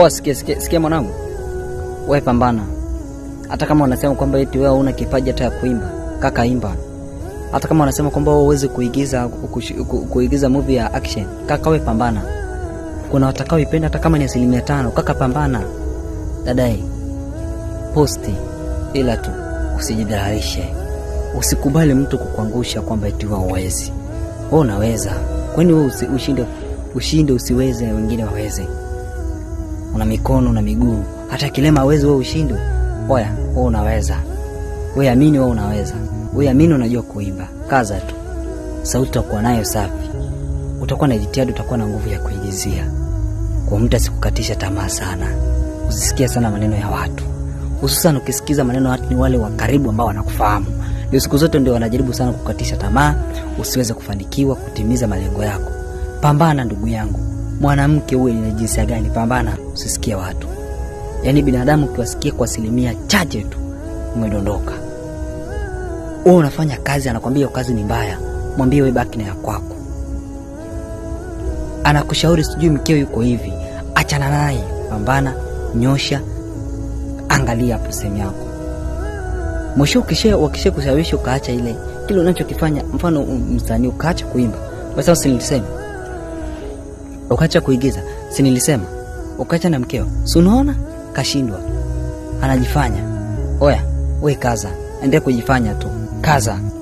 Poa, oh, sikia sikia, sikia mwanangu, wewe pambana. Hata kama wanasema kwamba eti wewe una kipaji hata ya kuimba, kaka imba. Hata kama wanasema kwamba wewe uweze kuigiza kuigiza movie ya action, kaka wewe pambana. Kuna watakaoipenda hata kama ni asilimia tano, kaka pambana. Dadai posti, ila tu usijidhalilishe, usikubali mtu kukuangusha kwamba eti wewe uwezi Wewe unaweza. Kwani wewe ushinde ushinde usiweze, wengine waweze una mikono na miguu, hata kilema hawezi wewe ushindwe. Oya, wewe unaweza, wewe amini, wewe unaweza, wewe amini, unajua kuimba, kaza tu, sauti utakuwa nayo safi, utakuwa na jitihada, utakuwa na nguvu ya kuigizia. Kwa mtu asikukatisha tamaa sana, usisikia sana maneno ya watu, hususan ukisikiza maneno ya watu ni wale wa karibu ambao wanakufahamu ndio siku zote ndio wanajaribu sana kukatisha tamaa, usiweze kufanikiwa kutimiza malengo yako. Pambana ndugu yangu mwanamke uwe ni jinsia gani, pambana, usisikie watu. Yaani binadamu ukiwasikia kwa asilimia chache tu umedondoka. Wewe unafanya kazi, anakwambia kazi ni mbaya, mwambie wewe baki na ya kwako. Anakushauri sijui mkeo yuko hivi, achana naye, pambana, nyosha, angalia hapo sehemu yako. Mwisho ukisha wakishe kushawishi ukaacha ile kile unachokifanya, mfano msanii ukaacha kuimba, basi usiniseme ukaacha kuigiza, si nilisema ukaacha na mkeo, si unaona kashindwa, anajifanya. Oya we, kaza, endelea kujifanya tu, kaza.